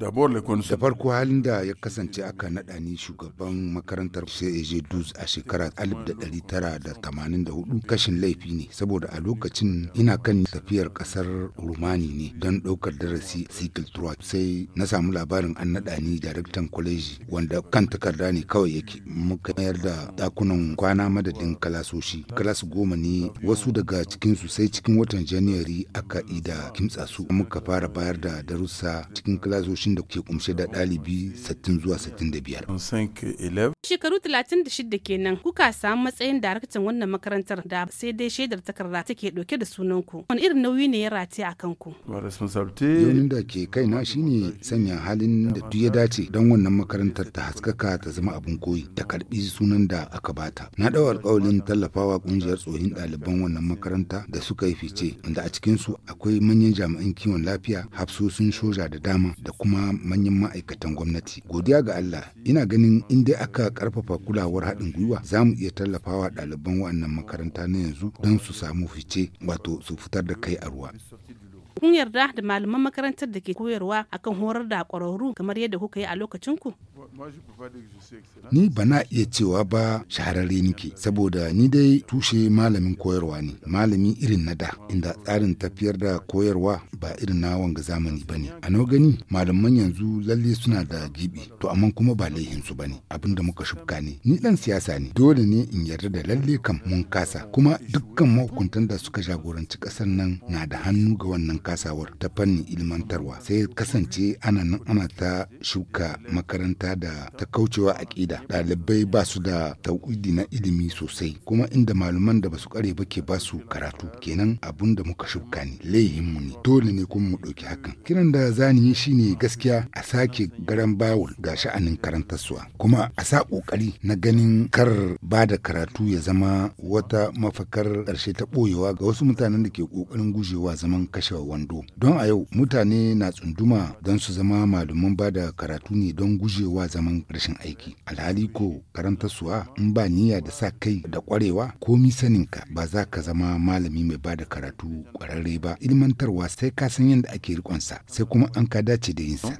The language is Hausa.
Da farko halin da ya kasance aka naɗa ni shugaban makarantar CAG Dus a shekara 1984 kashin laifi ne saboda a lokacin ina kan tafiyar kasar Rumani ne don ɗaukar darasi Sikil sai na samu labarin an naɗa ni daraktan kwaleji wanda kan takarda ne kawai yake muka mayar da ɗakunan kwana madadin kalasoshi kalas goma ne wasu daga cikinsu sai cikin watan Janairu aka ida kimtsa su muka fara bayar da darussa cikin kalasoshin lokacin da kuke kumshe da ɗalibi 60 zuwa 65. Shekaru 36 kenan kuka samu matsayin daraktan wannan makarantar da sai dai shaidar takarda take ɗauke da sunanku. Wani irin nauyi ne ya rataye a kanku? Yaunin da ke kaina shine sanya halin da duk ya dace don wannan makarantar ta haskaka ta zama abin koyi ta karbi sunan da aka bata. Na ɗau alƙawalin tallafawa ƙungiyar tsohin ɗaliban wannan makaranta da suka yi fice inda a cikinsu akwai manyan jami'an kiwon lafiya hafsosin soja da dama da kuma kuma manyan ma'aikatan gwamnati. Godiya ga Allah, ina ganin in dai aka karfafa kulawar haɗin gwiwa za mu iya tallafawa ɗaliban wannan makaranta na yanzu don su samu fice wato su fitar da kai a ruwa. kun yarda da malaman makarantar da ke koyarwa akan horar da kwararru kamar yadda kuka yi a lokacin ku ni ba na iya cewa ba shahararre nike saboda ni dai tushe malamin koyarwa ne malami irin na da inda tsarin tafiyar da koyarwa ba irin na wanga zamani bane a nawa gani malaman yanzu lalle suna da gibi to amma kuma ba laihin su bane abin da muka shubka ne ni dan siyasa ne dole ne in yarda da lalle kan mun kasa kuma dukkan mahukuntan da suka jagoranci kasar nan na da hannu ga wannan kasawar ta fannin ilmantarwa sai kasance ana nan ana ta shuka makaranta da ta kaucewa aƙida ɗalibai ba su da tauƙidi na ilimi sosai kuma inda malaman da basu kare ba ke ba su karatu kenan abun da muka shuka ne mu ne dole ne kuma mu ɗauki hakan kiran da za zani yi shine gaskiya a sake garan bawul ga sha'anin karantarsuwa kuma a sa ƙoƙari na ganin kar ba da karatu ya zama wata mafakar ƙarshe ta ɓoyewa ga wasu mutanen da ke ƙoƙarin gujewa zaman kashewa wando don a yau mutane na tsunduma don su zama malaman ba da karatu ne don gujewa zaman rashin aiki alhali ko karantarsuwa in ba niyya da sa kai da kwarewa komi ka ba za ka zama malami mai ba da karatu kwararre ba ilmantarwa sai ka san yadda ake rikonsa sai kuma an ka dace da yinsa